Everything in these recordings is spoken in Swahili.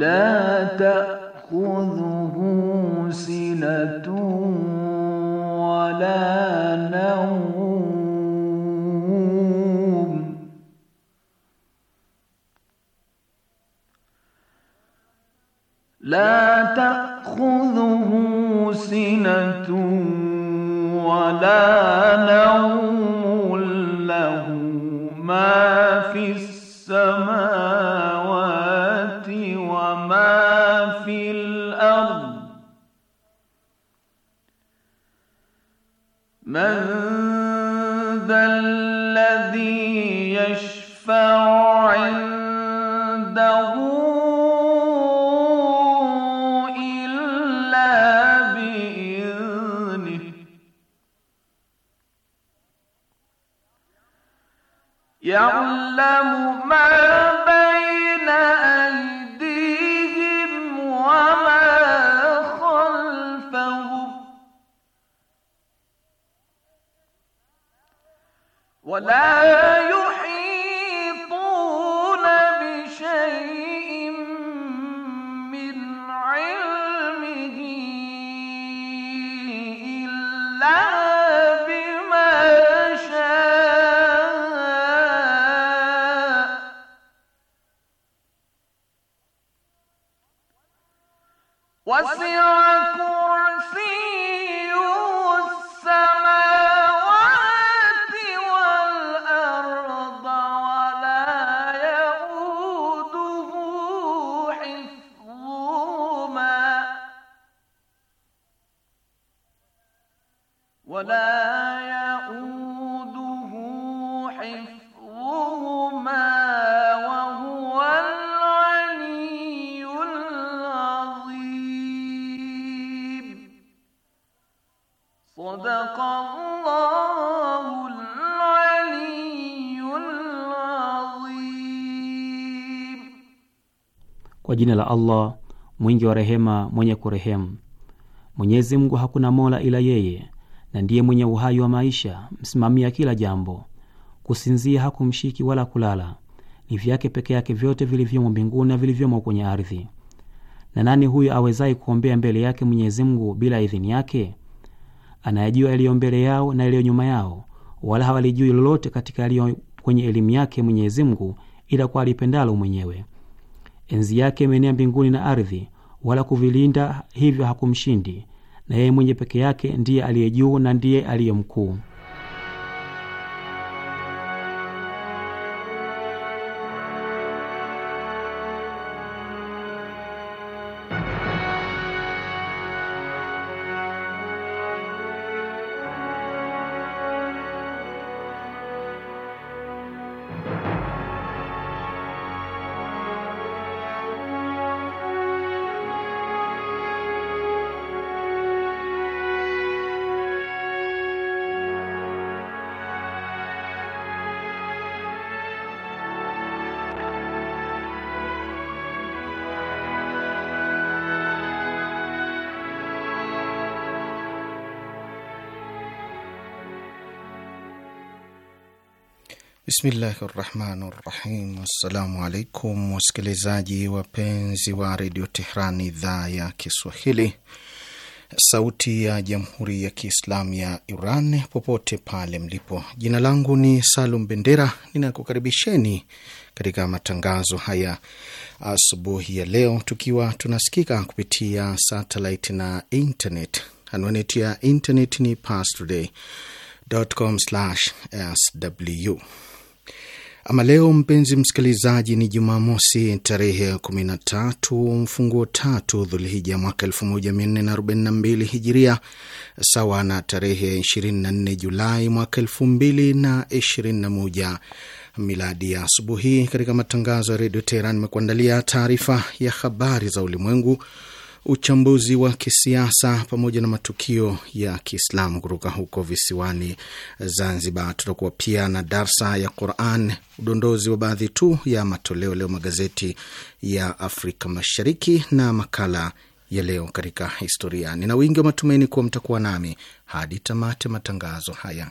لا تأخذه سنة ولا نوم لا تأخذه سنة ولا نوم Allah. Kwa jina la Allah mwingi wa rehema, mwenye kurehemu. Mwenyezi Mungu hakuna mola ila yeye, na ndiye mwenye uhai wa maisha, msimamia kila jambo. Kusinzia hakumshiki wala kulala. Ni vyake peke yake vyote vilivyomo mbinguni na vilivyomo kwenye ardhi. Na nani huyo awezaye kuombea mbele yake Mwenyezi Mungu bila idhini yake? anayajua yaliyo mbele yao na yaliyo nyuma yao, wala hawalijui lolote katika yaliyo kwenye elimu yake Mwenyezi Mungu ila kwa alipendalo mwenyewe. Enzi yake imeenea mbinguni na ardhi, wala kuvilinda hivyo hakumshindi, na yeye mwenye peke yake ndiye aliye juu na ndiye aliye mkuu. Bismillahi rahmani rahim. Assalamu alaikum wasikilizaji wapenzi wa redio Tehran, idhaa ya Kiswahili, sauti ya jamhuri ya Kiislamu ya Iran, popote pale mlipo. Jina langu ni Salum Bendera, ninakukaribisheni katika matangazo haya asubuhi ya leo, tukiwa tunasikika kupitia satellite na internet. Anwani yetu ya internet ni pastoday.com/sw ama leo mpenzi msikilizaji, ni Jumamosi tarehe 13 mfunguo tatu Dhulhija mwaka 1442 Hijiria, sawa na tarehe 24 Julai mwaka 2021 Miladi. Ya asubuhi katika matangazo ya redio Teheran imekuandalia taarifa ya habari za ulimwengu uchambuzi wa kisiasa pamoja na matukio ya Kiislamu kutoka huko visiwani Zanzibar. Tutakuwa pia na darsa ya Quran, udondozi wa baadhi tu ya matoleo leo magazeti ya Afrika Mashariki na makala ya leo katika historia. Nina wingi wa matumaini kuwa mtakuwa nami hadi tamate matangazo haya.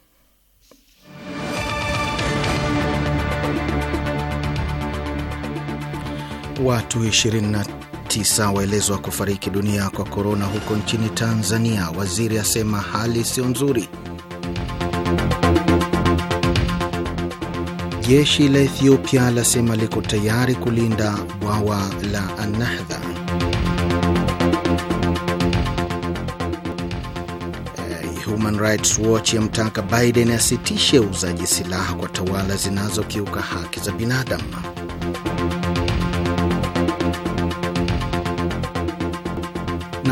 Watu 29 waelezwa kufariki dunia kwa korona huko nchini Tanzania. Waziri asema hali sio nzuri. Jeshi la Ethiopia lasema liko tayari kulinda bwawa la Anahdha. Eh, Human Rights Watch yamtaka Biden asitishe uuzaji silaha kwa tawala zinazokiuka haki za binadamu.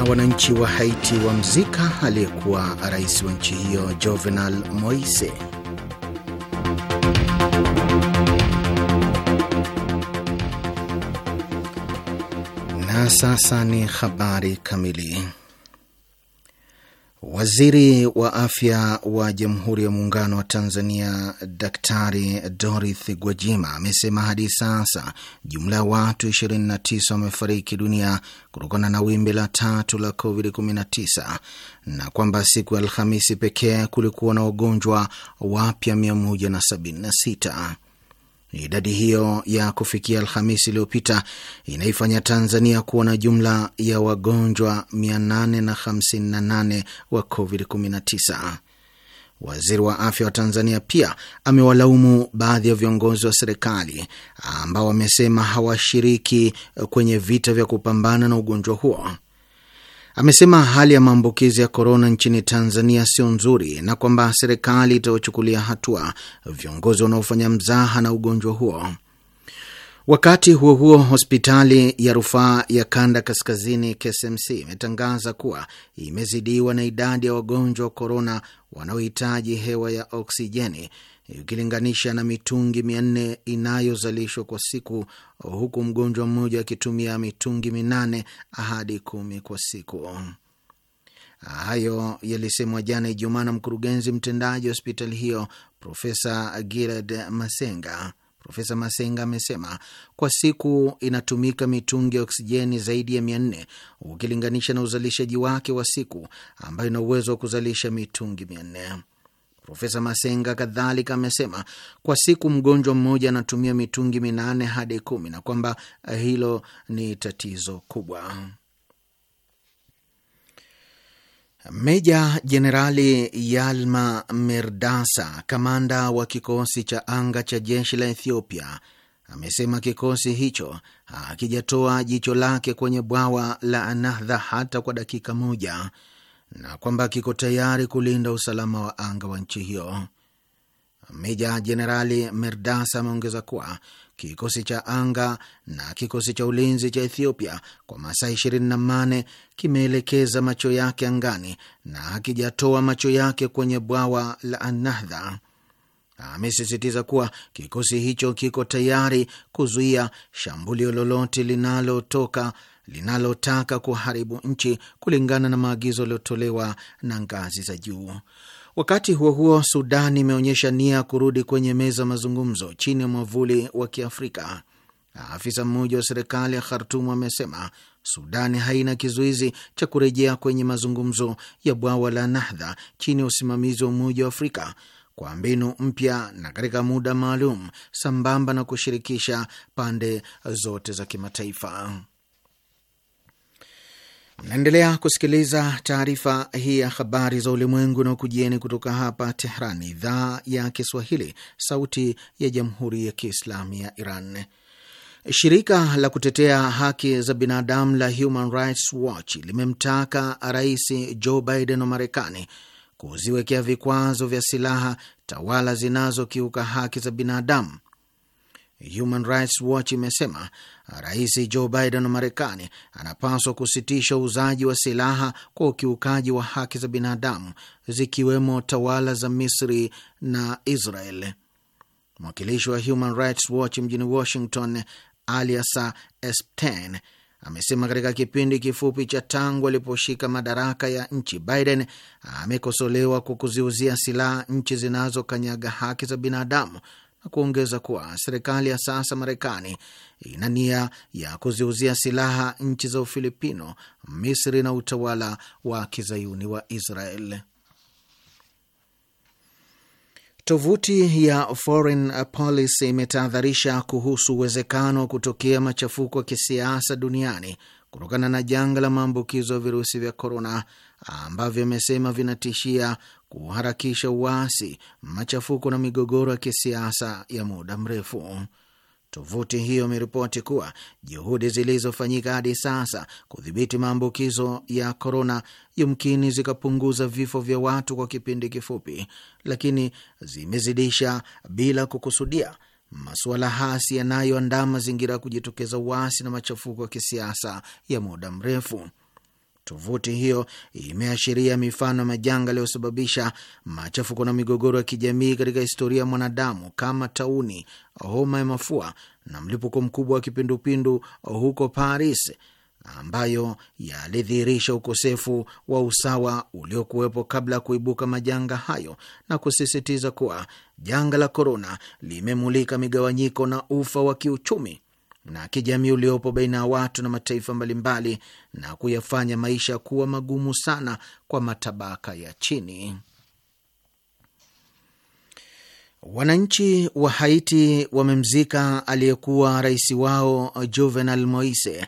wananchi wa Haiti wamzika aliyekuwa rais wa nchi hiyo Jovenal Moise. Na sasa ni habari kamili. Waziri wa afya wa Jamhuri ya Muungano wa Tanzania Daktari Dorothy Gwajima amesema hadi sasa jumla ya watu 29 wamefariki dunia kutokana na wimbi la tatu la COVID-19 na kwamba siku ya Alhamisi pekee kulikuwa na wagonjwa wapya 176. Idadi hiyo ya kufikia Alhamisi iliyopita inaifanya Tanzania kuwa na jumla ya wagonjwa 858 wa COVID-19. Waziri wa afya wa Tanzania pia amewalaumu baadhi ya viongozi wa serikali ambao wamesema hawashiriki kwenye vita vya kupambana na ugonjwa huo amesema hali ya maambukizi ya korona nchini Tanzania sio nzuri na kwamba serikali itawachukulia hatua viongozi wanaofanya mzaha na ugonjwa huo. Wakati huo huo, hospitali ya rufaa ya kanda kaskazini KSMC imetangaza kuwa imezidiwa na idadi ya wagonjwa wa korona wanaohitaji hewa ya oksijeni ikilinganisha na mitungi mia nne inayozalishwa kwa siku, huku mgonjwa mmoja akitumia mitungi minane hadi kumi kwa siku. Hayo yalisemwa jana Ijumaa na mkurugenzi mtendaji wa hospitali hiyo Profesa Gilad Masenga. Profesa Masenga amesema kwa siku inatumika mitungi ya oksijeni zaidi ya mia nne ukilinganisha na uzalishaji wake wa siku ambayo ina uwezo wa kuzalisha mitungi mia nne. Profesa Masenga kadhalika amesema kwa siku mgonjwa mmoja anatumia mitungi minane hadi kumi na kwamba eh, hilo ni tatizo kubwa. Meja Jenerali Yalma Merdasa, kamanda wa kikosi cha anga cha jeshi la Ethiopia, amesema kikosi hicho hakijatoa jicho lake kwenye bwawa la Anahdha hata kwa dakika moja na kwamba kiko tayari kulinda usalama wa anga wa nchi hiyo. Meja Jenerali Merdas ameongeza kuwa kikosi cha anga na kikosi cha ulinzi cha Ethiopia kwa masaa mane kimeelekeza macho yake angani na hakijatoa macho yake kwenye bwawa la Anahdha. Amesisitiza kuwa kikosi hicho kiko tayari kuzuia shambulio lolote linalotoka linalotaka kuharibu nchi kulingana na maagizo yaliyotolewa na ngazi za juu. Wakati huo huo, Sudan imeonyesha nia ya kurudi kwenye meza mazungumzo chini ya mwavuli wa Kiafrika. Afisa mmoja wa serikali ya Khartumu amesema Sudani haina kizuizi cha kurejea kwenye mazungumzo ya bwawa la Nahdha chini ya usimamizi wa Umoja wa Afrika kwa mbinu mpya na katika muda maalum, sambamba na kushirikisha pande zote za kimataifa. Mnaendelea kusikiliza taarifa hii ya habari za ulimwengu na ukujieni kutoka hapa Tehran, idhaa ya Kiswahili, sauti ya jamhuri ya kiislamu ya Iran. Shirika la kutetea haki za binadamu la Human Rights Watch limemtaka Rais Joe Biden wa Marekani kuziwekea vikwazo vya silaha tawala zinazokiuka haki za binadamu. Human Rights Watch imesema Rais Joe Biden wa Marekani anapaswa kusitisha uuzaji wa silaha kwa ukiukaji wa haki za binadamu, zikiwemo tawala za Misri na Israel. Mwakilishi wa Human Rights Watch mjini Washington, Aliasa Espten, amesema katika kipindi kifupi cha tangu aliposhika madaraka ya nchi, Biden amekosolewa kwa kuziuzia silaha nchi zinazokanyaga haki za binadamu na kuongeza kuwa serikali ya sasa Marekani ina nia ya kuziuzia silaha nchi za Ufilipino, Misri na utawala wa kizayuni wa Israel. Tovuti ya Foreign Policy imetahadharisha kuhusu uwezekano wa kutokea machafuko ya kisiasa duniani kutokana na janga la maambukizo ya virusi vya korona ambavyo amesema vinatishia kuharakisha uasi, machafuko na migogoro ya kisiasa ya muda mrefu. Tovuti hiyo imeripoti kuwa juhudi zilizofanyika hadi sasa kudhibiti maambukizo ya korona yumkini zikapunguza vifo vya watu kwa kipindi kifupi, lakini zimezidisha bila kukusudia masuala hasi yanayoandaa mazingira ya kujitokeza uasi na machafuko ya kisiasa ya muda mrefu. Tovuti hiyo imeashiria mifano ya majanga yaliyosababisha machafuko na migogoro ya kijamii katika historia ya mwanadamu kama tauni, homa ya mafua na mlipuko mkubwa wa kipindupindu huko Paris, ambayo yalidhihirisha ukosefu wa usawa uliokuwepo kabla ya kuibuka majanga hayo, na kusisitiza kuwa janga la korona limemulika migawanyiko na ufa wa kiuchumi na kijamii uliopo baina ya watu na mataifa mbalimbali na kuyafanya maisha kuwa magumu sana kwa matabaka ya chini. Wananchi wa Haiti wamemzika aliyekuwa rais wao Juvenal Moise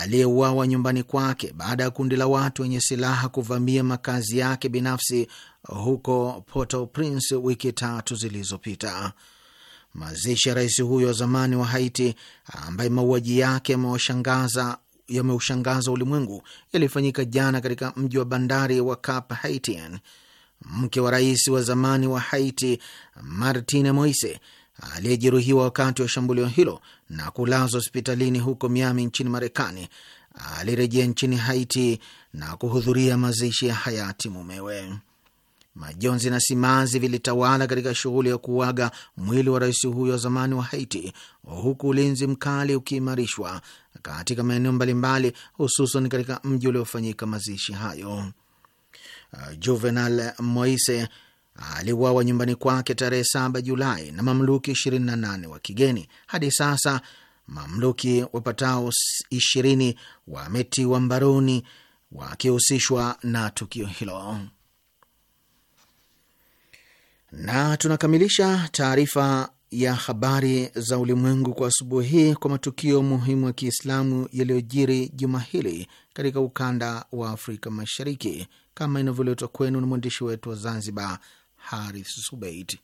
aliyeuawa nyumbani kwake baada ya kundi la watu wenye silaha kuvamia makazi yake binafsi huko Port-au-Prince wiki tatu zilizopita. Mazishi ya rais huyo wa zamani wa Haiti ambaye mauaji yake yamewashangaza yameushangaza ulimwengu yalifanyika jana katika mji wa bandari wa Cap Haitian. Mke wa rais wa zamani wa Haiti Martine Moise aliyejeruhiwa wakati wa shambulio hilo na kulazwa hospitalini huko Miami nchini Marekani alirejea nchini Haiti na kuhudhuria mazishi ya hayati mumewe majonzi na simanzi vilitawala katika shughuli ya kuuaga mwili wa rais huyo wa zamani wa Haiti, huku ulinzi mkali ukiimarishwa katika maeneo mbalimbali, hususan katika mji uliofanyika mazishi hayo. Uh, Juvenal Moise aliuawa nyumbani kwake tarehe 7 Julai na mamluki 28 wa kigeni. Hadi sasa mamluki wapatao 20 wametiwa mbaroni wakihusishwa na tukio hilo. Na tunakamilisha taarifa ya habari za ulimwengu kwa asubuhi hii kwa matukio muhimu ya Kiislamu yaliyojiri juma hili katika ukanda wa Afrika Mashariki, kama inavyoletwa kwenu na mwandishi wetu wa Zanzibar, Harith Subeit.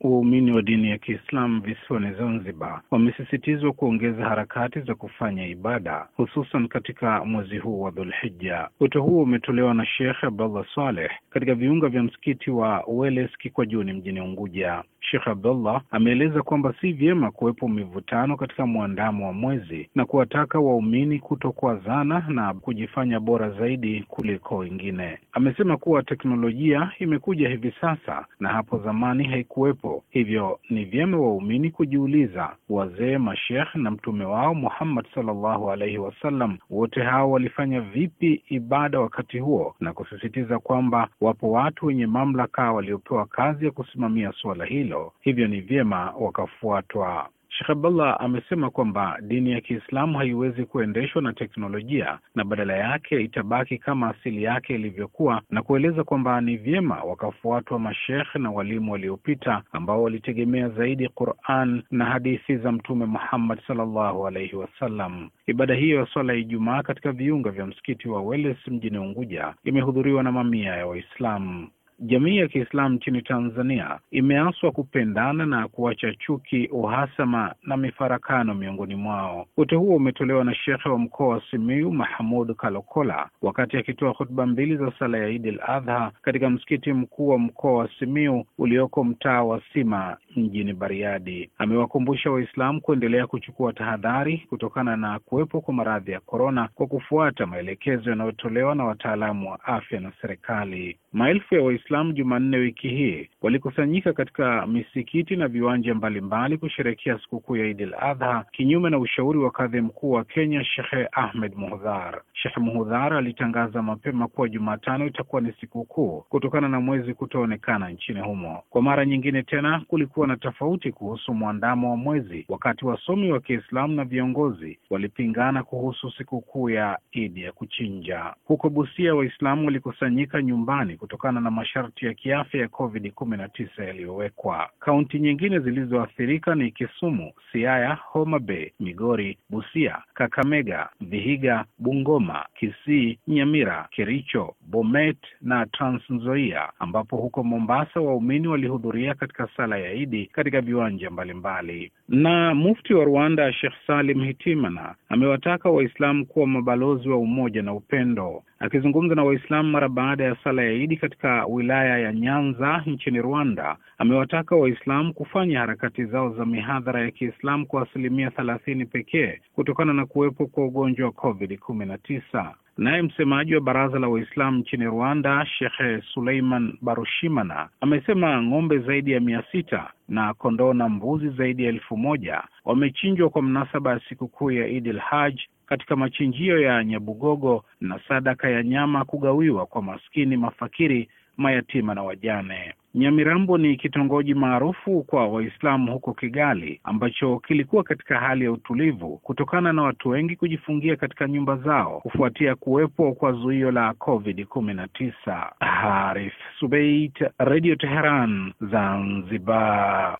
Waumini wa dini ya Kiislamu visiwani Zanzibar wamesisitizwa kuongeza harakati za kufanya ibada hususan katika mwezi huu wa Dhulhijja. Wito huo umetolewa na Sheikh Abdallah Saleh katika viunga vya msikiti wa Weles Kikwajuni mjini Unguja. Sheikh Abdullah ameeleza kwamba si vyema kuwepo mivutano katika mwandamo wa mwezi na kuwataka waumini kutokwazana na kujifanya bora zaidi kuliko wengine. Amesema kuwa teknolojia imekuja hivi sasa na hapo zamani haikuwepo, hivyo ni vyema waumini kujiuliza, wazee, mashekh na mtume wao Muhammad sallallahu alaihi wasallam, wote hao walifanya vipi ibada wakati huo, na kusisitiza kwamba wapo watu wenye mamlaka waliopewa kazi ya kusimamia suala hilo hilo, hivyo ni vyema wakafuatwa. Sheikh Abdullah amesema kwamba dini ya Kiislamu haiwezi kuendeshwa na teknolojia na badala yake itabaki kama asili yake ilivyokuwa, na kueleza kwamba ni vyema wakafuatwa mashekh na walimu waliopita ambao walitegemea zaidi Quran na hadithi za Mtume Muhammad sallallahu alaihi wasallam. Ibada hiyo ya swala ya Ijumaa katika viunga vya msikiti wa Weles mjini Unguja imehudhuriwa na mamia ya Waislamu. Jamii ya Kiislamu nchini Tanzania imeaswa kupendana na kuacha chuki, uhasama na mifarakano miongoni mwao. Wito huo umetolewa na shekhe wa mkoa wa simiu Mahamud Kalokola wakati akitoa hutuba mbili za sala ya Idi l Adha katika msikiti mkuu wa mkoa wa simiu ulioko mtaa wa Sima mjini Bariadi. Amewakumbusha Waislamu kuendelea kuchukua tahadhari kutokana na kuwepo kwa maradhi ya korona kwa kufuata maelekezo yanayotolewa na wataalamu wa afya na serikali. Maelfu ya Waislamu Jumanne wiki hii walikusanyika katika misikiti na viwanja mbalimbali kusherehekea sikukuu ya Idil Adha, kinyume na ushauri wa kadhi mkuu wa Kenya Shekhe Ahmed Muhdhar. Shekhe Muhdhar alitangaza mapema kuwa Jumatano itakuwa ni sikukuu kutokana na mwezi kutoonekana nchini humo. Kwa mara nyingine tena, kulikuwa na tofauti kuhusu mwandamo wa mwezi, wakati wasomi wa Kiislamu na viongozi walipingana kuhusu sikukuu ya Idi ya kuchinja. Huko Busia, Waislamu walikusanyika nyumbani kutokana na masharti ya kiafya ya COVID kumi na tisa yaliyowekwa. Kaunti nyingine zilizoathirika ni Kisumu, Siaya, Homa Bay, Migori, Busia, Kakamega, Vihiga, Bungoma, Kisii, Nyamira, Kericho, Bomet na Trans Nzoia, ambapo huko Mombasa waumini walihudhuria katika sala ya Idi katika viwanja mbalimbali. Na mufti wa Rwanda Sheikh Salim Hitimana amewataka Waislamu kuwa mabalozi wa umoja na upendo. Akizungumza na Waislamu mara baada ya sala ya Idi katika wilaya ya Nyanza nchini Rwanda, amewataka Waislamu kufanya harakati zao za mihadhara ya Kiislamu kwa asilimia thelathini pekee kutokana na kuwepo kwa ugonjwa wa Covid kumi na tisa. Naye msemaji wa baraza la Waislamu nchini Rwanda, Shekhe Suleiman Barushimana, amesema ng'ombe zaidi ya mia sita na kondoo na mbuzi zaidi ya elfu moja wamechinjwa kwa mnasaba ya sikukuu ya l Haj katika machinjio ya Nyabugogo na sadaka ya nyama kugawiwa kwa maskini, mafakiri, mayatima na wajane. Nyamirambo ni kitongoji maarufu kwa Waislamu huko Kigali ambacho kilikuwa katika hali ya utulivu kutokana na watu wengi kujifungia katika nyumba zao kufuatia kuwepo kwa zuio la Covid kumi na tisa. Harith Subeit, Radio Teheran, Zanzibar.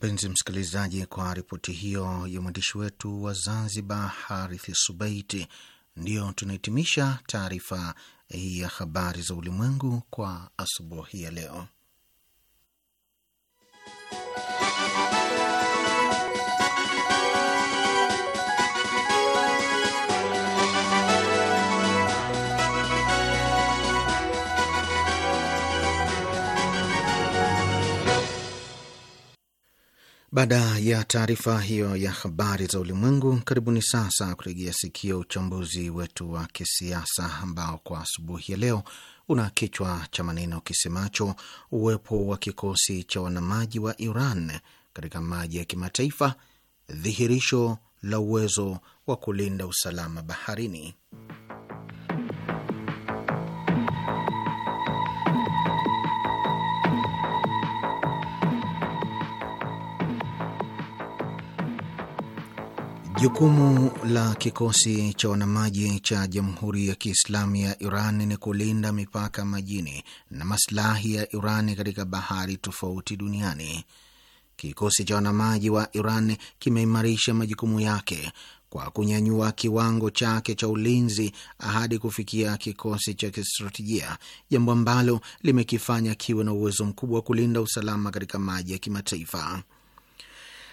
mpenzi msikilizaji, kwa ripoti hiyo ya mwandishi wetu wa Zanzibar, Harithi Subaiti, ndiyo tunahitimisha taarifa hii ya habari za ulimwengu kwa asubuhi ya leo. Baada ya taarifa hiyo ya habari za ulimwengu, karibuni sasa kutegea sikio uchambuzi wetu wa kisiasa ambao kwa asubuhi ya leo una kichwa cha maneno kisemacho uwepo wa kikosi cha wanamaji wa Iran katika maji ya kimataifa, dhihirisho la uwezo wa kulinda usalama baharini. Jukumu la kikosi cha wanamaji cha Jamhuri ya Kiislamu ya Iran ni kulinda mipaka majini na maslahi ya Iran katika bahari tofauti duniani. Kikosi cha wanamaji wa Iran kimeimarisha majukumu yake kwa kunyanyua kiwango chake cha ulinzi hadi kufikia kikosi cha kistratejia, jambo ambalo limekifanya kiwe na uwezo mkubwa wa kulinda usalama katika maji ya kimataifa.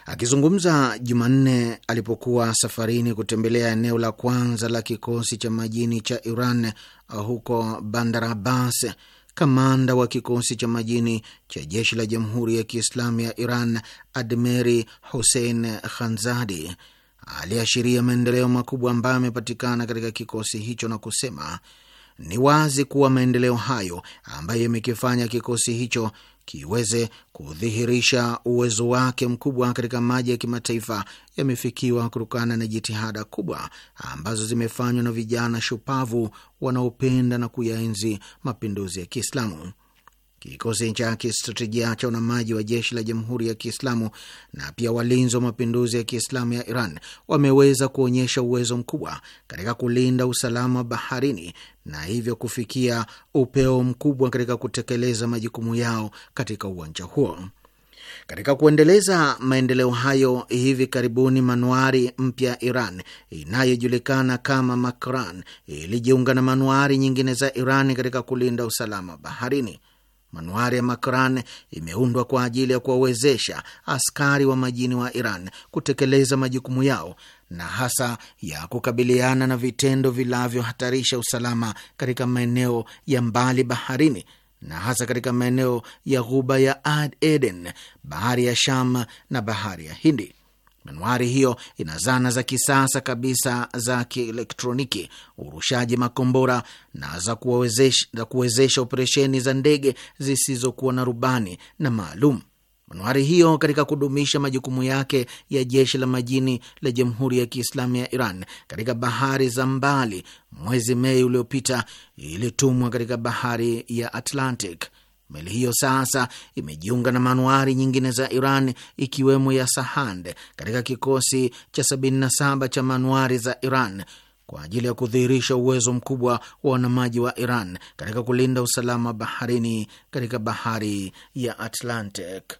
Akizungumza Jumanne alipokuwa safarini kutembelea eneo la kwanza la kikosi cha majini cha Iran uh, huko Bandar Abbas, kamanda wa kikosi cha majini cha jeshi la Jamhuri ya Kiislamu ya Iran Admeri Hussein Khanzadi aliashiria maendeleo makubwa ambayo yamepatikana katika kikosi hicho na kusema ni wazi kuwa maendeleo hayo ambayo yamekifanya kikosi hicho kiweze kudhihirisha uwezo wake mkubwa katika maji ya kimataifa yamefikiwa kutokana na jitihada kubwa ambazo zimefanywa na vijana shupavu wanaopenda na kuyaenzi mapinduzi ya Kiislamu kikosi cha kistratejia cha wanamaji wa jeshi la Jamhuri ya Kiislamu na pia walinzi wa mapinduzi ya Kiislamu ya Iran wameweza kuonyesha uwezo mkubwa katika kulinda usalama baharini na hivyo kufikia upeo mkubwa katika kutekeleza majukumu yao katika uwanja huo. Katika kuendeleza maendeleo hayo, hivi karibuni manuari mpya ya Iran inayojulikana kama Makran ilijiunga na manuari nyingine za Iran katika kulinda usalama baharini. Manuari ya Makran imeundwa kwa ajili ya kuwawezesha askari wa majini wa Iran kutekeleza majukumu yao na hasa ya kukabiliana na vitendo vinavyohatarisha usalama katika maeneo ya mbali baharini na hasa katika maeneo ya ghuba ya Ad Eden, bahari ya Sham na bahari ya Hindi. Manuari hiyo ina zana za kisasa kabisa za kielektroniki, urushaji makombora na za kuwezesha, za kuwezesha operesheni za ndege zisizokuwa na rubani na maalum. Manuari hiyo katika kudumisha majukumu yake ya jeshi la majini la Jamhuri ya Kiislamu ya Iran katika bahari za mbali, mwezi Mei uliopita ilitumwa katika bahari ya Atlantic Meli hiyo sasa imejiunga na manuari nyingine za Iran ikiwemo ya Sahand katika kikosi cha 77 cha manuari za Iran kwa ajili ya kudhihirisha uwezo mkubwa wa wanamaji wa Iran katika kulinda usalama baharini katika bahari ya Atlantic.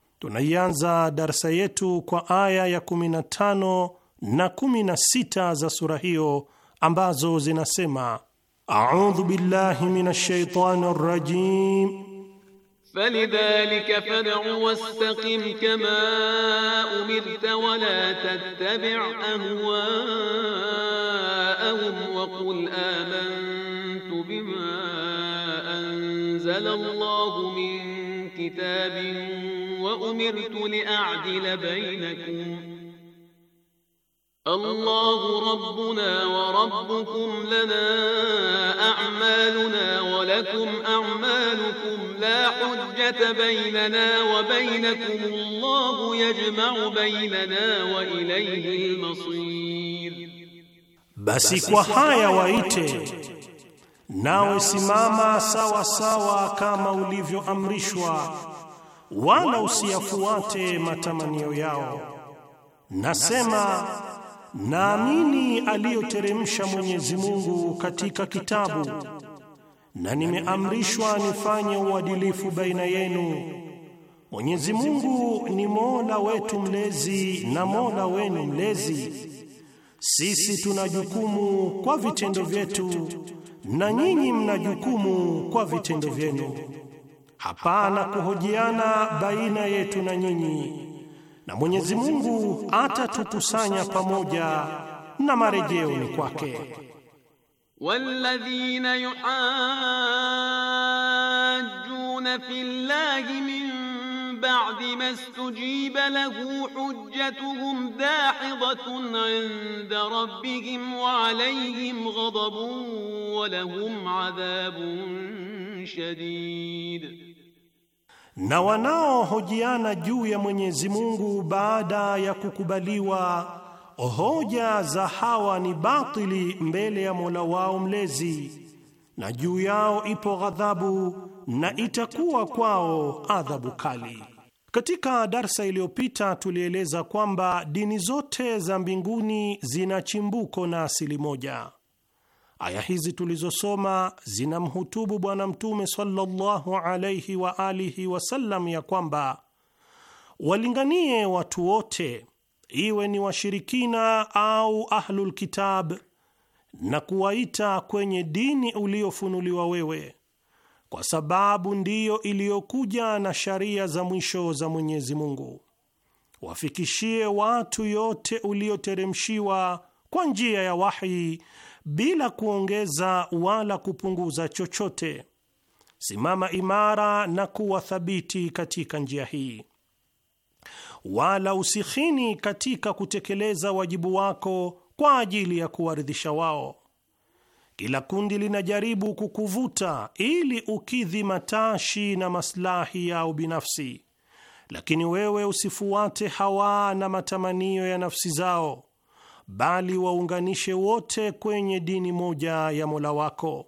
Tunaianza darsa yetu kwa aya ya 15 na 16 za sura hiyo ambazo zinasema: audhu billahi minash shaitani rajim falidhalika fad'u wastaqim kama umirta wala tattabi' ahwaahum wa qul amantu bima anzala Allahu min kitabin وأمرت لأعدل بينكم الله ربنا وربكم لنا أعمالنا ولكم أعمالكم لا حجة بيننا وبينكم الله يجمع بيننا وإليه المصير بس kwa haya waite nawe simama sawa sawa kama amrishwa wala usiyafuate matamanio yao. Nasema naamini aliyoteremsha Mwenyezi Mungu katika kitabu, na nimeamrishwa nifanye uadilifu baina yenu. Mwenyezi Mungu ni Mola wetu mlezi na Mola wenu mlezi. Sisi tuna jukumu kwa vitendo vyetu na nyinyi mna jukumu kwa vitendo vyenu hapana kuhojiana baina yetu na nyinyi, na Mwenyezi Mungu atatukusanya pamoja na marejeo ni kwake. walladhina yuhajjuna fillahi min ba'di mastujiba lahu hujjatuhum dahidatun 'inda rabbihim wa 'alayhim ghadabun wa lahum 'adhabun shadid na wanaohojiana juu ya Mwenyezi Mungu baada ya kukubaliwa hoja za hawa ni batili mbele ya Mola wao mlezi, na juu yao ipo ghadhabu na itakuwa kwao adhabu kali. Katika darsa iliyopita tulieleza kwamba dini zote za mbinguni zina chimbuko na asili moja. Aya hizi tulizosoma zinamhutubu Bwana Mtume sallallahu alaihi wa alihi wasallam ya kwamba walinganie watu wote, iwe ni washirikina au ahlulkitab, na kuwaita kwenye dini uliofunuliwa wewe, kwa sababu ndiyo iliyokuja na sharia za mwisho za Mwenyezi Mungu. Wafikishie watu yote ulioteremshiwa kwa njia ya wahi bila kuongeza wala kupunguza chochote. Simama imara na kuwa thabiti katika njia hii, wala usikhini katika kutekeleza wajibu wako kwa ajili ya kuwaridhisha wao. Kila kundi linajaribu kukuvuta ili ukidhi matashi na maslahi yao binafsi, lakini wewe usifuate hawa na matamanio ya nafsi zao bali waunganishe wote kwenye dini moja ya Mola wako.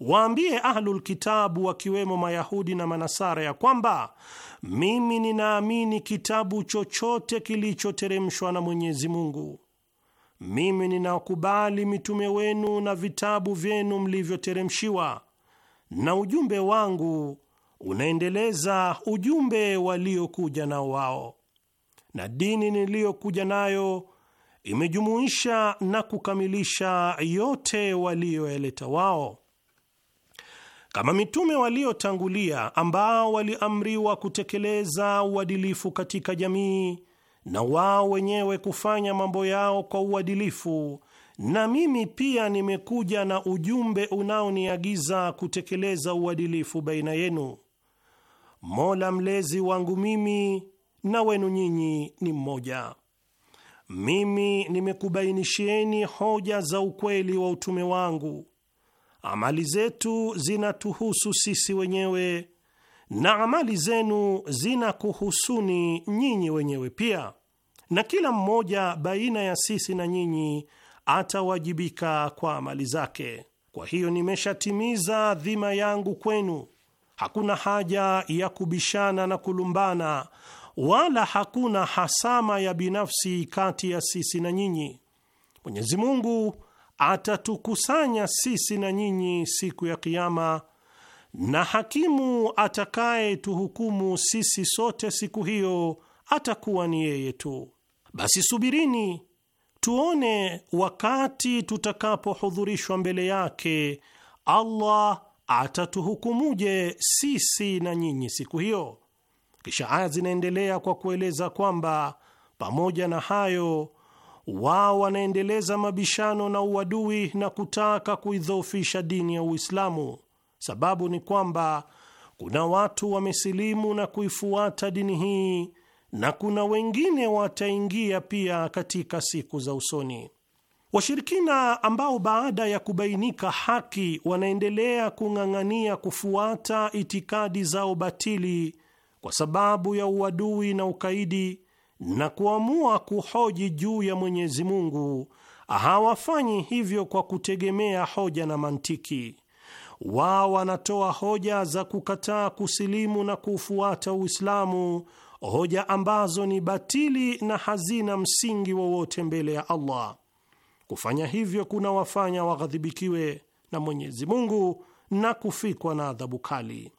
Waambie Ahlul Kitabu wakiwemo Mayahudi na Manasara ya kwamba mimi ninaamini kitabu chochote kilichoteremshwa na Mwenyezi Mungu. Mimi ninakubali mitume wenu na vitabu vyenu mlivyoteremshiwa, na ujumbe wangu unaendeleza ujumbe waliokuja nao wao, na dini niliyokuja nayo imejumuisha na kukamilisha yote waliyoyaleta wao kama mitume waliotangulia ambao waliamriwa kutekeleza uadilifu katika jamii na wao wenyewe kufanya mambo yao kwa uadilifu. Na mimi pia nimekuja na ujumbe unaoniagiza kutekeleza uadilifu baina yenu. Mola mlezi wangu mimi na wenu nyinyi ni mmoja mimi nimekubainishieni hoja za ukweli wa utume wangu. Amali zetu zinatuhusu sisi wenyewe na amali zenu zinakuhusuni nyinyi wenyewe pia, na kila mmoja baina ya sisi na nyinyi atawajibika kwa amali zake. Kwa hiyo nimeshatimiza dhima yangu kwenu, hakuna haja ya kubishana na kulumbana wala hakuna hasama ya binafsi kati ya sisi na nyinyi. Mwenyezi Mungu atatukusanya sisi na nyinyi siku ya Kiama, na hakimu atakayetuhukumu sisi sote siku hiyo atakuwa ni yeye tu. Basi subirini tuone wakati tutakapohudhurishwa mbele yake, Allah atatuhukumuje sisi na nyinyi siku hiyo. Kisha aya zinaendelea kwa kueleza kwamba pamoja na hayo wao wanaendeleza mabishano na uadui na kutaka kuidhoofisha dini ya Uislamu. Sababu ni kwamba kuna watu wamesilimu na kuifuata dini hii na kuna wengine wataingia pia katika siku za usoni. Washirikina ambao baada ya kubainika haki wanaendelea kung'ang'ania kufuata itikadi zao batili kwa sababu ya uadui na ukaidi na kuamua kuhoji juu ya Mwenyezi Mungu, hawafanyi hivyo kwa kutegemea hoja na mantiki. Wao wanatoa hoja za kukataa kusilimu na kuufuata Uislamu, hoja ambazo ni batili na hazina msingi wowote mbele ya Allah. Kufanya hivyo kuna wafanya waghadhibikiwe na Mwenyezi Mungu na kufikwa na adhabu kali.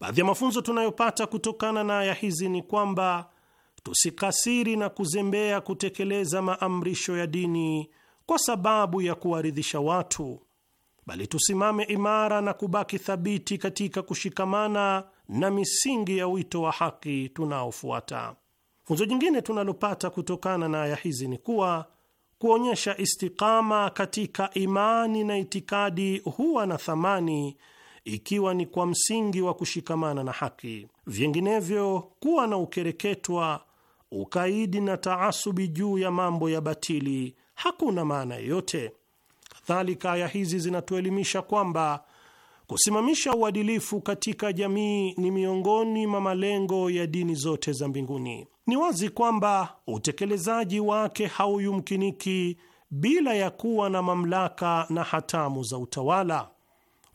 Baadhi ya mafunzo tunayopata kutokana na aya hizi ni kwamba tusikasiri na kuzembea kutekeleza maamrisho ya dini kwa sababu ya kuwaridhisha watu, bali tusimame imara na kubaki thabiti katika kushikamana na misingi ya wito wa haki tunaofuata. Funzo jingine tunalopata kutokana na aya hizi ni kuwa kuonyesha istikama katika imani na itikadi huwa na thamani ikiwa ni kwa msingi wa kushikamana na haki. Vinginevyo, kuwa na ukereketwa, ukaidi na taasubi juu ya mambo ya batili hakuna maana yoyote. Kadhalika, aya hizi zinatuelimisha kwamba kusimamisha uadilifu katika jamii ni miongoni mwa malengo ya dini zote za mbinguni. Ni wazi kwamba utekelezaji wake hauyumkiniki bila ya kuwa na mamlaka na hatamu za utawala.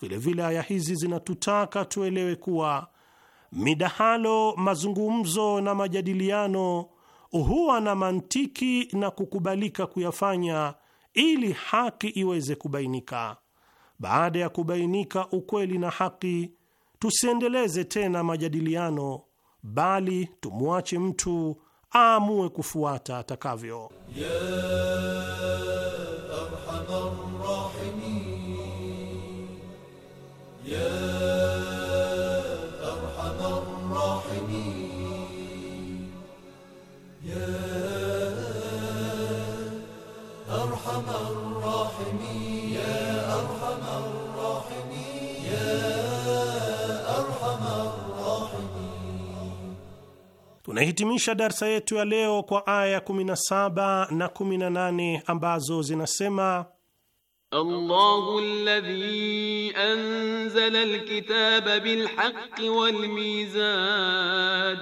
Vilevile aya hizi zinatutaka tuelewe kuwa midahalo, mazungumzo na majadiliano huwa na mantiki na kukubalika kuyafanya ili haki iweze kubainika. Baada ya kubainika ukweli na haki, tusiendeleze tena majadiliano, bali tumwache mtu aamue kufuata atakavyo, yeah. Tunahitimisha darsa yetu ya leo kwa aya 17 na 18 ambazo zinasema Allahu alladhi anzala alkitaba bilhaqqi walmizan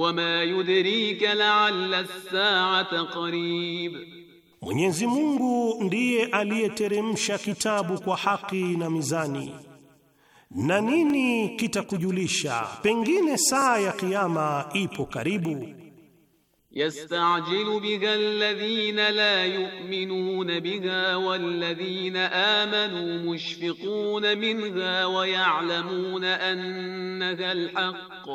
wama yudrika la'alla as-sa'ata qarib, Mwenyezi Mungu ndiye aliyeteremsha kitabu kwa haki na mizani, na nini kitakujulisha pengine saa ya kiyama ipo karibu. يستعجل بها الذين لا يؤمنون بها والذين آمنوا مشفقون منها ويعلمون أنها الحق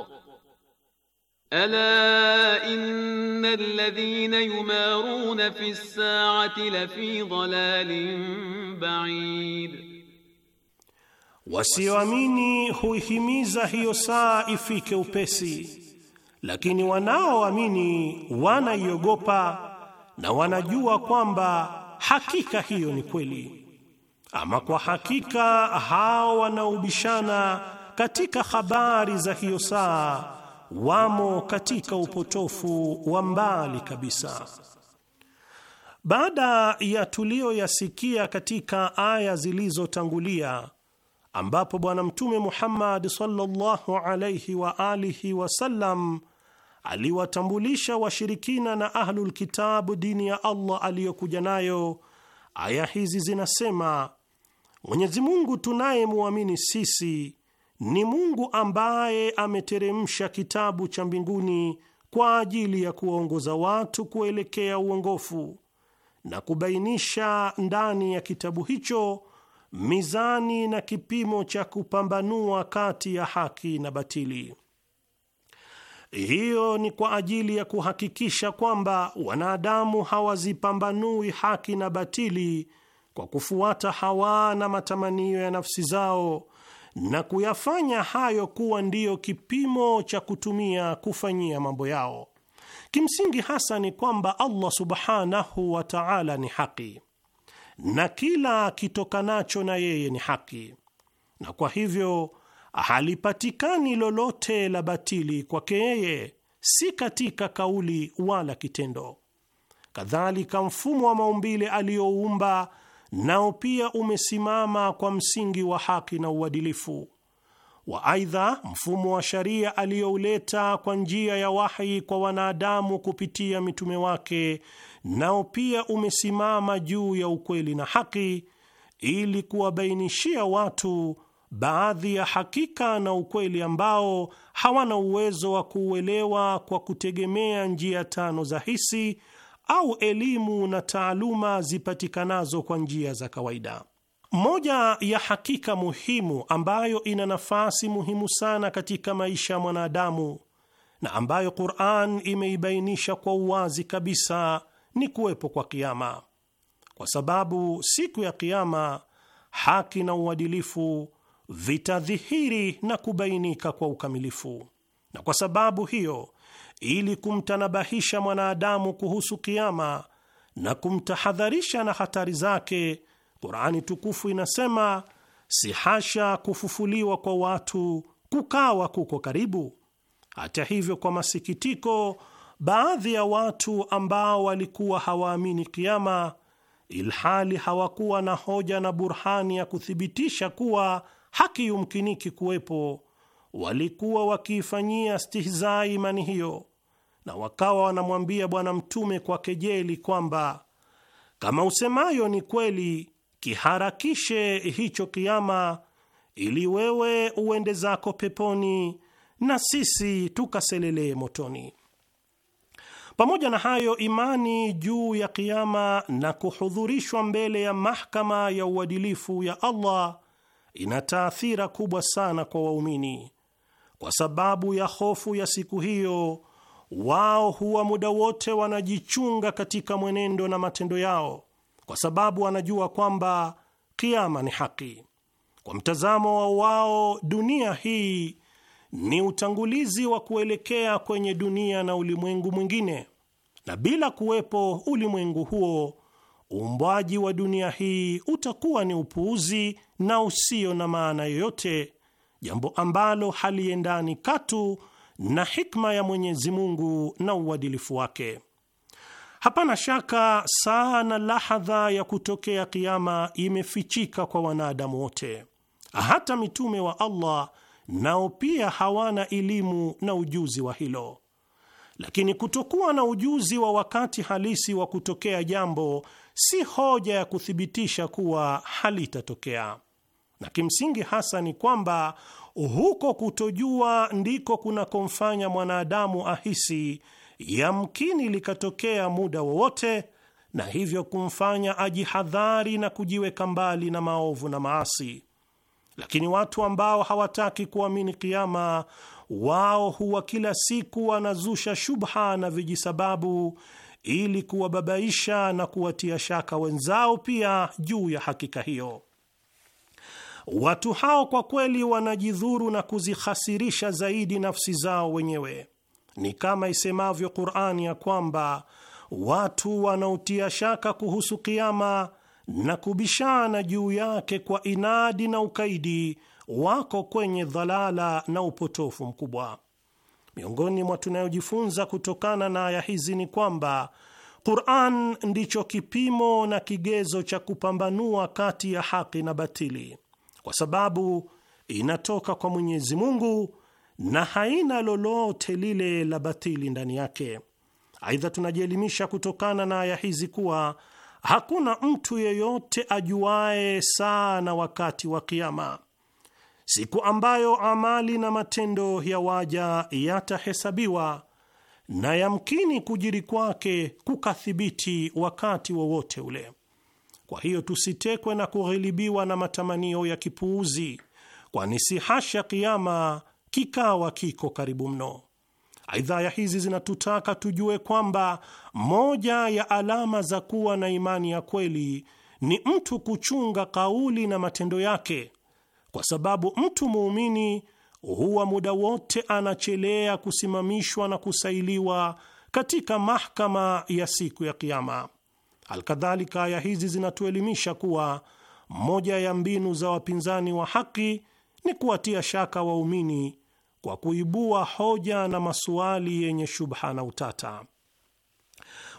ألا إن الذين يمارون في الساعة لفي ضلال بعيد وسيؤمني هو hiyo saa ifike upesi lakini wanaoamini wanaiogopa na wanajua kwamba hakika hiyo ni kweli. Ama kwa hakika hao wanaobishana katika habari za hiyo saa wamo katika upotofu wa mbali kabisa. Baada ya tuliyoyasikia katika aya zilizotangulia, ambapo Bwana Mtume Muhammad sallallahu alayhi wa alihi wasallam aliwatambulisha washirikina na ahlul kitabu dini ya Allah aliyokuja nayo. Aya hizi zinasema Mwenyezi Mungu tunayemwamini sisi ni Mungu ambaye ameteremsha kitabu cha mbinguni kwa ajili ya kuwaongoza watu kuelekea uongofu na kubainisha ndani ya kitabu hicho mizani na kipimo cha kupambanua kati ya haki na batili. Hiyo ni kwa ajili ya kuhakikisha kwamba wanadamu hawazipambanui haki na batili kwa kufuata hawa na matamanio ya nafsi zao na kuyafanya hayo kuwa ndiyo kipimo cha kutumia kufanyia mambo yao. Kimsingi hasa ni kwamba Allah subhanahu wa ta'ala ni haki na kila kitokanacho na yeye ni haki, na kwa hivyo halipatikani lolote la batili kwake yeye, si katika kauli wala kitendo. Kadhalika, mfumo wa maumbile aliyoumba nao pia umesimama kwa msingi wa haki na uadilifu wa. Aidha, mfumo wa sharia aliyouleta kwa njia ya wahi kwa wanadamu kupitia mitume wake nao pia umesimama juu ya ukweli na haki, ili kuwabainishia watu baadhi ya hakika na ukweli ambao hawana uwezo wa kuuelewa kwa kutegemea njia tano za hisi au elimu na taaluma zipatikanazo kwa njia za kawaida. Moja ya hakika muhimu ambayo ina nafasi muhimu sana katika maisha ya mwanadamu na ambayo Qur'an imeibainisha kwa uwazi kabisa ni kuwepo kwa kiama, kwa sababu siku ya kiama haki na uadilifu vitadhihiri na kubainika kwa ukamilifu. Na kwa sababu hiyo, ili kumtanabahisha mwanadamu kuhusu kiama na kumtahadharisha na hatari zake, Qur'ani tukufu inasema si hasha kufufuliwa kwa watu kukawa kuko karibu. Hata hivyo, kwa masikitiko, baadhi ya watu ambao walikuwa hawaamini kiama, ilhali hawakuwa na hoja na burhani ya kuthibitisha kuwa haki yumkiniki kuwepo, walikuwa wakiifanyia stihzaa imani hiyo, na wakawa wanamwambia Bwana Mtume kwa kejeli kwamba kama usemayo ni kweli, kiharakishe hicho kiama, ili wewe uende zako peponi na sisi tukaselelee motoni. Pamoja na hayo, imani juu ya kiama na kuhudhurishwa mbele ya mahakama ya uadilifu ya Allah ina taathira kubwa sana kwa waumini. Kwa sababu ya hofu ya siku hiyo, wao huwa muda wote wanajichunga katika mwenendo na matendo yao, kwa sababu wanajua kwamba kiama ni haki. Kwa mtazamo wa wao, dunia hii ni utangulizi wa kuelekea kwenye dunia na ulimwengu mwingine, na bila kuwepo ulimwengu huo, uumbwaji wa dunia hii utakuwa ni upuuzi na usio na maana yoyote, jambo ambalo haliendani katu na hikma ya Mwenyezi Mungu na uadilifu wake. Hapana shaka na lahadha ya kutokea kiama imefichika kwa wanadamu wote, hata mitume wa Allah nao pia hawana elimu na ujuzi wa hilo. Lakini kutokuwa na ujuzi wa wakati halisi wa kutokea jambo si hoja ya kuthibitisha kuwa halitatokea na kimsingi hasa ni kwamba huko kutojua ndiko kunakomfanya mwanadamu ahisi yamkini likatokea muda wowote, na hivyo kumfanya ajihadhari na kujiweka mbali na maovu na maasi. Lakini watu ambao hawataki kuamini kiama, wao huwa kila siku wanazusha shubha na vijisababu ili kuwababaisha na kuwatia shaka wenzao pia juu ya hakika hiyo watu hao kwa kweli wanajidhuru na kuzihasirisha zaidi nafsi zao wenyewe. Ni kama isemavyo Qur'ani ya kwamba watu wanaotia shaka kuhusu kiama na kubishana juu yake kwa inadi na ukaidi wako kwenye dhalala na upotofu mkubwa. Miongoni mwa tunayojifunza kutokana na aya hizi ni kwamba Qur'an ndicho kipimo na kigezo cha kupambanua kati ya haki na batili kwa sababu inatoka kwa Mwenyezi Mungu na haina lolote lile la batili ndani yake. Aidha, tunajielimisha kutokana na aya hizi kuwa hakuna mtu yeyote ajuaye saa na wakati wa Kiama, siku ambayo amali na matendo ya waja yatahesabiwa na yamkini kujiri kwake kukathibiti wakati wowote wa ule. Kwa hiyo tusitekwe na kughilibiwa na matamanio ya kipuuzi, kwani si hasha kiama kikawa kiko karibu mno. Aidha, aya hizi zinatutaka tujue kwamba moja ya alama za kuwa na imani ya kweli ni mtu kuchunga kauli na matendo yake, kwa sababu mtu muumini huwa muda wote anachelea kusimamishwa na kusailiwa katika mahakama ya siku ya Kiama. Alkadhalika, aya hizi zinatuelimisha kuwa moja ya mbinu za wapinzani wa haki ni kuwatia shaka waumini kwa kuibua hoja na masuali yenye shubha na utata.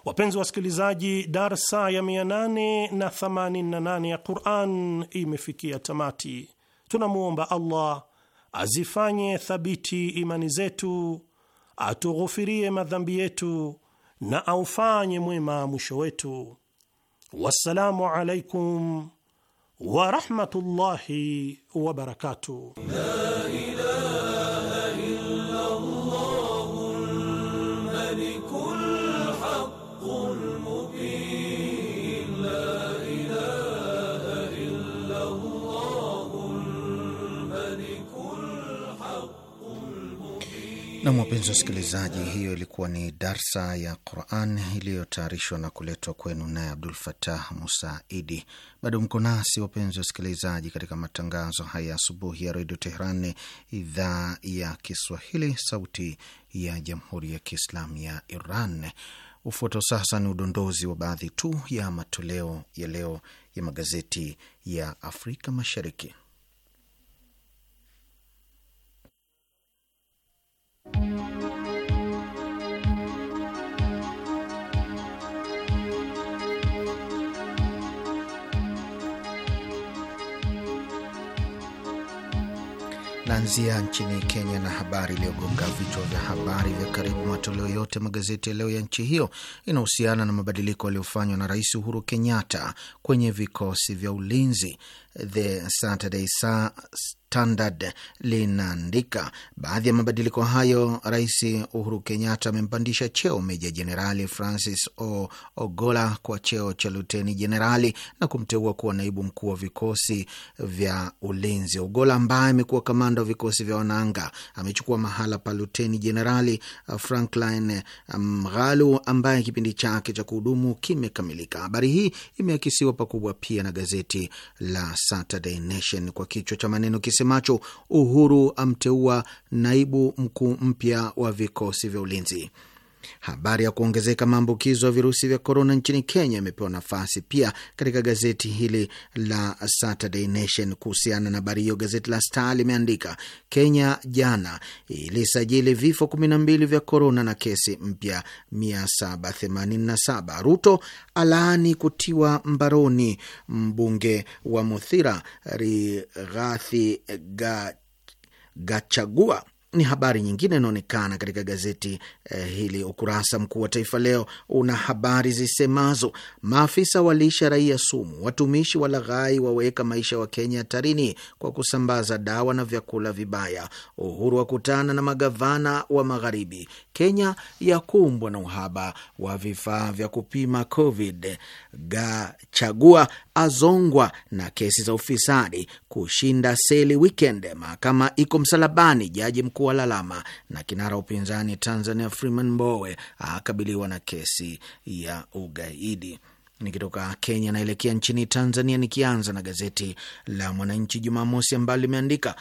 Wapenzi wasikilizaji, darsa ya 888 ya Quran imefikia tamati. Tunamwomba Allah azifanye thabiti imani zetu, atughufirie madhambi yetu na aufanye mwema mwisho wetu. والسلام عليكم ورحمة الله وبركاته لا إله Na wapenzi wasikilizaji, hiyo ilikuwa ni darsa ya Quran iliyotayarishwa na kuletwa kwenu naye Abdul Fatah Musaidi. Bado mko nasi wapenzi wasikilizaji, katika matangazo haya asubuhi ya Redio Tehran, idhaa ya Kiswahili, sauti ya Jamhuri ya Kiislamu ya Iran. Ufuatao sasa ni udondozi wa baadhi tu ya matoleo ya leo ya magazeti ya Afrika Mashariki. Tunaanzia nchini Kenya na habari iliyogonga vichwa vya habari vya karibu matoleo yote magazeti ya leo ya nchi hiyo inahusiana na mabadiliko yaliyofanywa na Rais Uhuru Kenyatta kwenye vikosi vya ulinzi The Saturday Standard linaandika baadhi ya mabadiliko hayo, Rais Uhuru Kenyatta amempandisha cheo Meja Jenerali Francis O Ogola kwa cheo cha luteni jenerali na kumteua kuwa naibu mkuu wa vikosi vya ulinzi. Ogola ambaye amekuwa kamanda wa vikosi vya wanaanga amechukua mahala pa luteni jenerali Franklin Mghalu ambaye kipindi chake cha kuhudumu kimekamilika. Habari hii imeakisiwa pakubwa pia na gazeti la Saturday Nation kwa kichwa cha maneno kisemacho Uhuru amteua naibu mkuu mpya wa vikosi vya ulinzi. Habari ya kuongezeka maambukizo ya virusi vya korona nchini Kenya imepewa nafasi pia katika gazeti hili la Saturday Nation. Kuhusiana na habari hiyo, gazeti la Star limeandika Kenya jana ilisajili vifo 12 vya korona na kesi mpya 787. Ruto alaani kutiwa mbaroni mbunge wa Muthira Rigathi Gachagua ni habari nyingine inaonekana katika gazeti eh, hili. Ukurasa mkuu wa Taifa Leo una habari zisemazo maafisa waliisha raia sumu, watumishi walaghai waweka maisha wa Kenya hatarini kwa kusambaza dawa na vyakula vibaya, Uhuru wa kutana na magavana wa magharibi, Kenya yakumbwa na uhaba wa vifaa vya kupima Covid, Gachagua azongwa na kesi za ufisadi kushinda seli weekend. Mahakama iko msalabani, jaji mkuu wa lalama na kinara upinzani Tanzania Freeman Mbowe akabiliwa na kesi ya ugaidi. Nikitoka Kenya naelekea nchini Tanzania, nikianza na gazeti la Mwananchi Jumamosi ambalo limeandika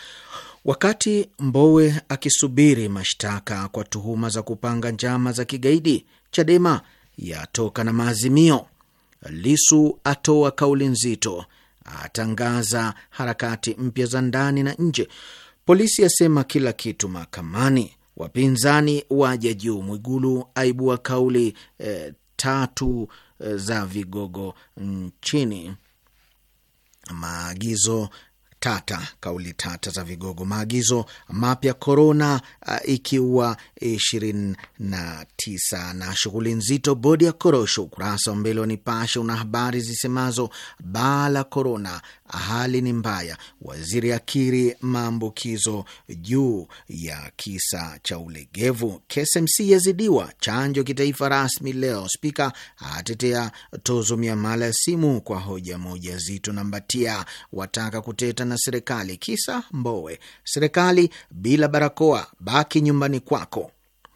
wakati Mbowe akisubiri mashtaka kwa tuhuma za kupanga njama za kigaidi, Chadema yatoka na maazimio Lisu atoa kauli nzito, atangaza harakati mpya za ndani na nje. Polisi asema kila kitu mahakamani. Wapinzani waja juu. Mwigulu aibua kauli e, tatu e, za vigogo nchini. Maagizo tata, kauli tata za vigogo, maagizo mapya korona uh, ikiwa ishirini na tisa na shughuli nzito, bodi ya korosho. Ukurasa wa mbele wa Nipashe una habari zisemazo baa la korona hali ni mbaya. Waziri akiri maambukizo juu ya kisa cha ulegevu. KSMC yazidiwa chanjo kitaifa rasmi leo. Spika atetea tozo miamala ya simu kwa hoja moja zito. Nambatia wataka kuteta na serikali. Kisa Mbowe: serikali bila barakoa, baki nyumbani kwako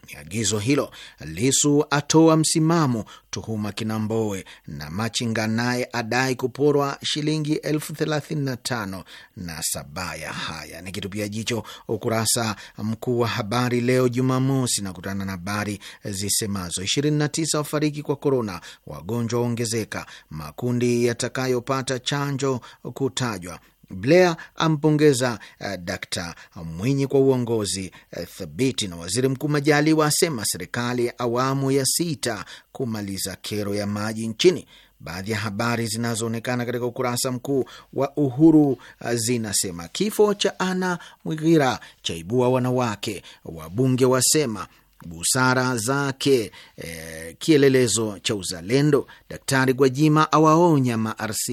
ni agizo hilo. Lisu atoa msimamo tuhuma Kinamboe na Machinga naye adai kuporwa shilingi elfu thelathini na tano na Sabaya. Haya ni kitupia jicho ukurasa mkuu wa habari leo Jumamosi na kutana na habari zisemazo: 29 wafariki kwa korona, wagonjwa waongezeka, makundi yatakayopata chanjo kutajwa Blair ampongeza uh, eh, Dr Mwinyi kwa uongozi uh, thabiti, na waziri mkuu Majaliwa asema serikali ya awamu ya sita kumaliza kero ya maji nchini. Baadhi ya habari zinazoonekana katika ukurasa mkuu wa Uhuru eh, zinasema kifo cha Ana Mwigira chaibua wanawake, wabunge wasema busara zake e, kielelezo cha uzalendo. Daktari Gwajima awaonya marc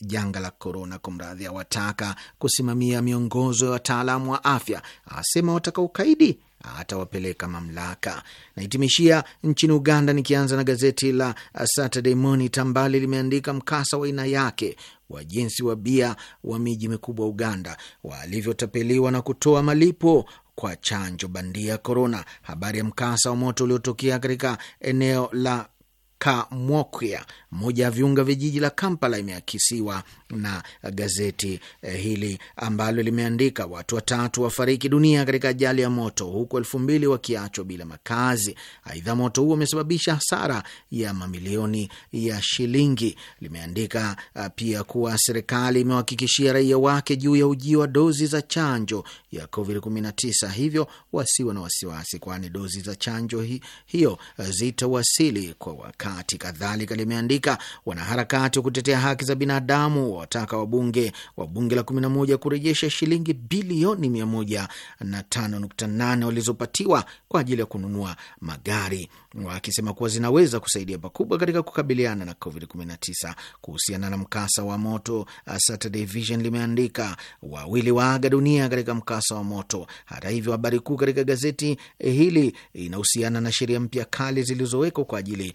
janga la korona, kwa mradhi awataka kusimamia miongozo ya wataalamu wa afya, asema wataka ukaidi atawapeleka mamlaka. Nahitimishia nchini Uganda, nikianza na gazeti la Saturday Monitor ambalo limeandika mkasa wa aina yake wajensi wa bia wa miji mikubwa Uganda walivyotapeliwa na kutoa malipo kwa chanjo bandia ya korona, habari ya mkasa wa moto uliotokea katika eneo la Kamwokya, moja ya viunga vya jiji la Kampala, imeakisiwa na gazeti eh, hili ambalo limeandika watu watatu wafariki dunia katika ajali ya moto, huku elfu mbili wakiachwa bila makazi. Aidha, moto huo umesababisha hasara ya mamilioni ya shilingi. Limeandika eh, pia kuwa serikali imewahakikishia raia wake juu ya ujio wa dozi za chanjo ya COVID-19, hivyo wasiwe na wasiwasi, kwani dozi za chanjo hi, hiyo eh, zitawasili kwa wakati harakati. Kadhalika limeandika wanaharakati wa kutetea haki za binadamu wawataka wabunge wa bunge la 11 kurejesha shilingi bilioni 105.8 walizopatiwa kwa ajili ya kununua magari, wakisema kuwa zinaweza kusaidia pakubwa katika kukabiliana na COVID-19. Kuhusiana na mkasa wa moto, uh, Saturday Vision limeandika wawili waaga dunia katika mkasa wa moto. Hata hivyo, habari kuu katika gazeti eh, hili inahusiana na sheria mpya kali zilizowekwa kwa ajili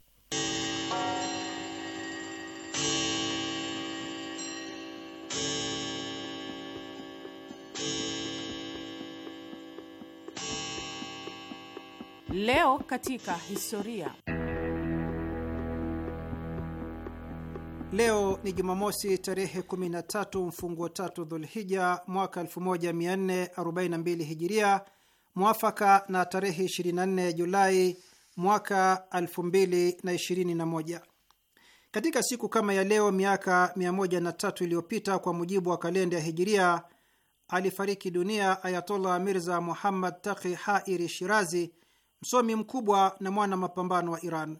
Leo katika historia. Leo ni Jumamosi, tarehe 13 mfunguo tatu Dhulhija mwaka 1442 Hijiria, mwafaka na tarehe 24 Julai mwaka 2021. Katika siku kama ya leo miaka 103 iliyopita kwa mujibu wa kalenda ya Hijiria, alifariki dunia Ayatollah Mirza Muhammad Taqi Hairi Shirazi, msomi mkubwa na mwana mapambano wa Iran.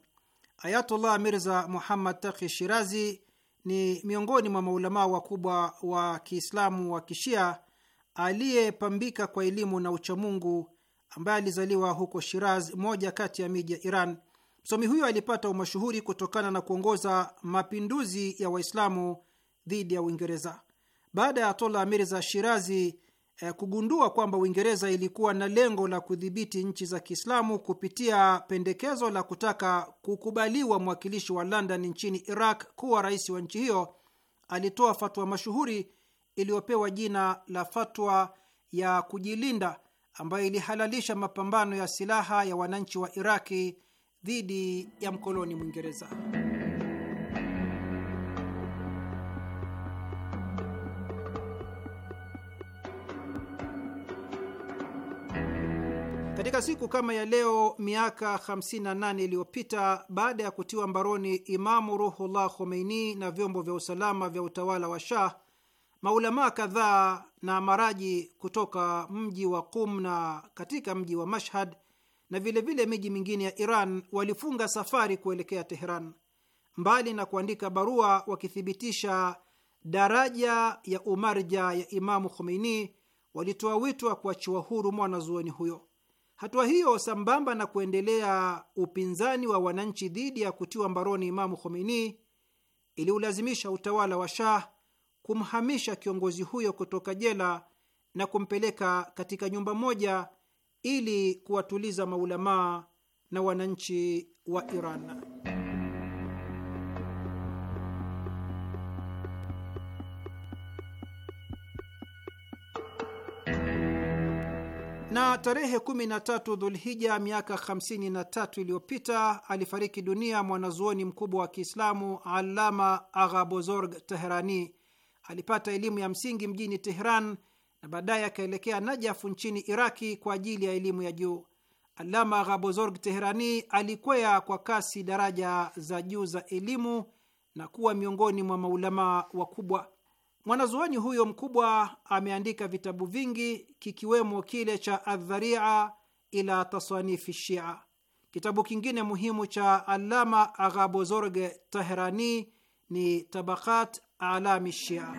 Ayatullah Mirza Muhammad taki Shirazi ni miongoni mwa maulamaa wakubwa wa Kiislamu wa Kishia aliyepambika kwa elimu na uchamungu ambaye alizaliwa huko Shiraz, moja kati ya miji ya Iran. Msomi huyo alipata umashuhuri kutokana na kuongoza mapinduzi ya Waislamu dhidi ya Uingereza. Baada ya Ayatollah Mirza Shirazi, Eh, kugundua kwamba Uingereza ilikuwa na lengo la kudhibiti nchi za Kiislamu kupitia pendekezo la kutaka kukubaliwa mwakilishi wa London nchini Iraq kuwa rais wa nchi hiyo, alitoa fatwa mashuhuri iliyopewa jina la fatwa ya kujilinda, ambayo ilihalalisha mapambano ya silaha ya wananchi wa Iraki dhidi ya mkoloni Mwingereza. Katika siku kama ya leo miaka 58 iliyopita, baada ya kutiwa mbaroni Imamu Ruhullah Khomeini na vyombo vya usalama vya utawala wa Shah, maulamaa kadhaa na maraji kutoka mji wa Qum na katika mji wa Mashhad na vilevile miji mingine ya Iran walifunga safari kuelekea Teheran, mbali na kuandika barua wakithibitisha daraja ya umarja ya Imamu Khomeini, walitoa wito wa kuachiwa huru mwanazuoni huyo. Hatua hiyo sambamba na kuendelea upinzani wa wananchi dhidi ya kutiwa mbaroni Imamu Khomeini iliulazimisha utawala wa Shah kumhamisha kiongozi huyo kutoka jela na kumpeleka katika nyumba moja ili kuwatuliza maulamaa na wananchi wa Iran. Na tarehe 13 Dhulhija miaka 53 iliyopita alifariki dunia mwanazuoni mkubwa wa Kiislamu alama Aghabozorg Teherani. Alipata elimu ya msingi mjini teheran na baadaye akaelekea Najafu nchini Iraki kwa ajili ya elimu ya juu. alama aghabozorg Teherani alikwea kwa kasi daraja za juu za elimu na kuwa miongoni mwa maulamaa wakubwa. Mwanazuoni huyo mkubwa ameandika vitabu vingi kikiwemo kile cha Adharia ila tasanifi Shia. Kitabu kingine muhimu cha Allama Aghabozorge Taherani ni Tabakat Alami Shia.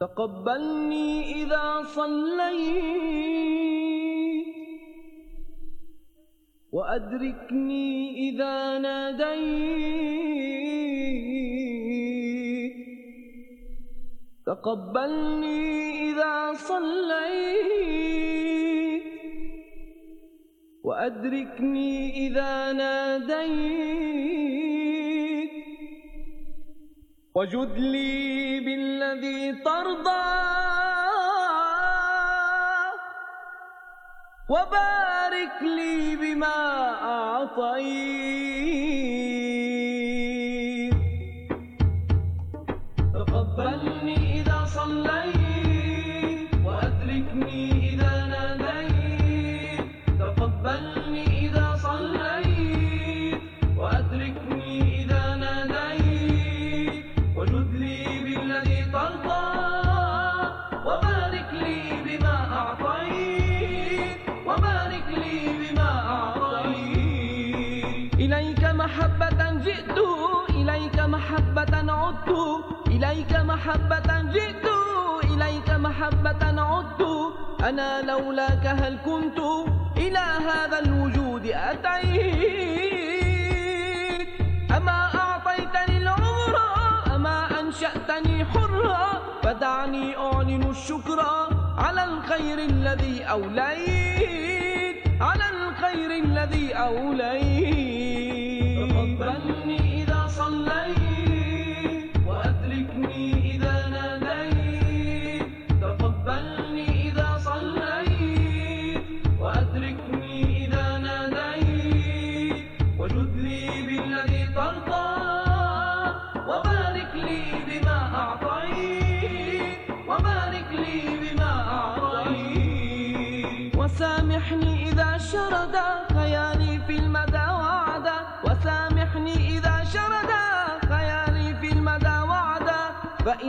تقبلني إذا صليت وأدركني إذا ناديت تقبلني إذا صليت وأدركني إذا ناديت وجد لي بالذي ترضى وبارك لي بما أعطيت إليك محبة جئت إليك محبة عدت أنا لولاك هل كنت إلى هذا الوجود أتيت أما أعطيتني العمر أما أنشأتني حرا فدعني أعلن الشكر على الخير الذي أوليت على الخير الذي أوليت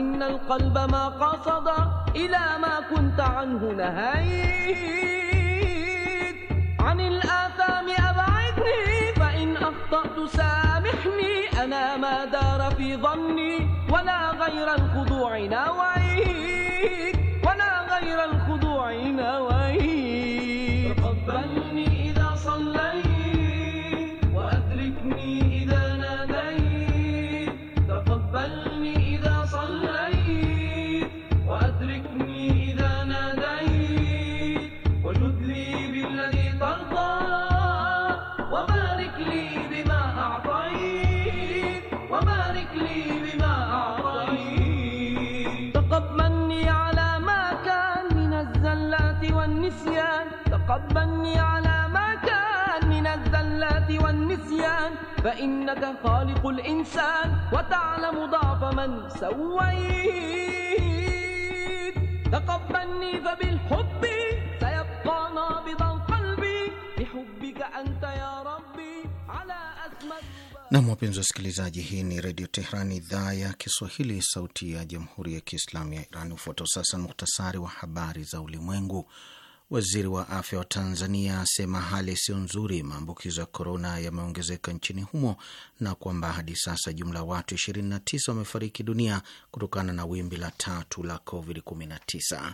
إن القلب ما قصد إلى ما كنت عنه نهيت عن الآثام أبعدني فإن أخطأت سامحني أنا ما دار في ظني ولا غير الخضوع نويت فإنك خالق الإنسان وتعلم ضعف من سويت تقبلني فبالحب سيبقى نابضا قلبي بحبك أنت يا ربي على أسمى Nam, wapenzi wa wasikilizaji, hii ni Redio Tehran, idhaa ya Kiswahili, sauti ya Jamhuri ya Kiislamu ya Iran. Ufuatao sasa muhtasari wa habari za ulimwengu. Waziri wa afya wa Tanzania asema hali sio nzuri maambukizo ya korona yameongezeka nchini humo na kwamba hadi sasa jumla ya watu 29 wamefariki dunia kutokana na wimbi la tatu la COVID-19.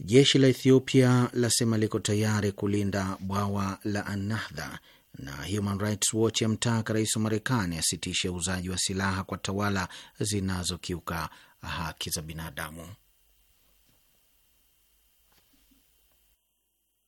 Jeshi la Ethiopia lasema liko tayari kulinda bwawa la Anahdha na Human Rights Watch yamtaka rais wa Marekani asitishe uuzaji wa silaha kwa tawala zinazokiuka haki za binadamu.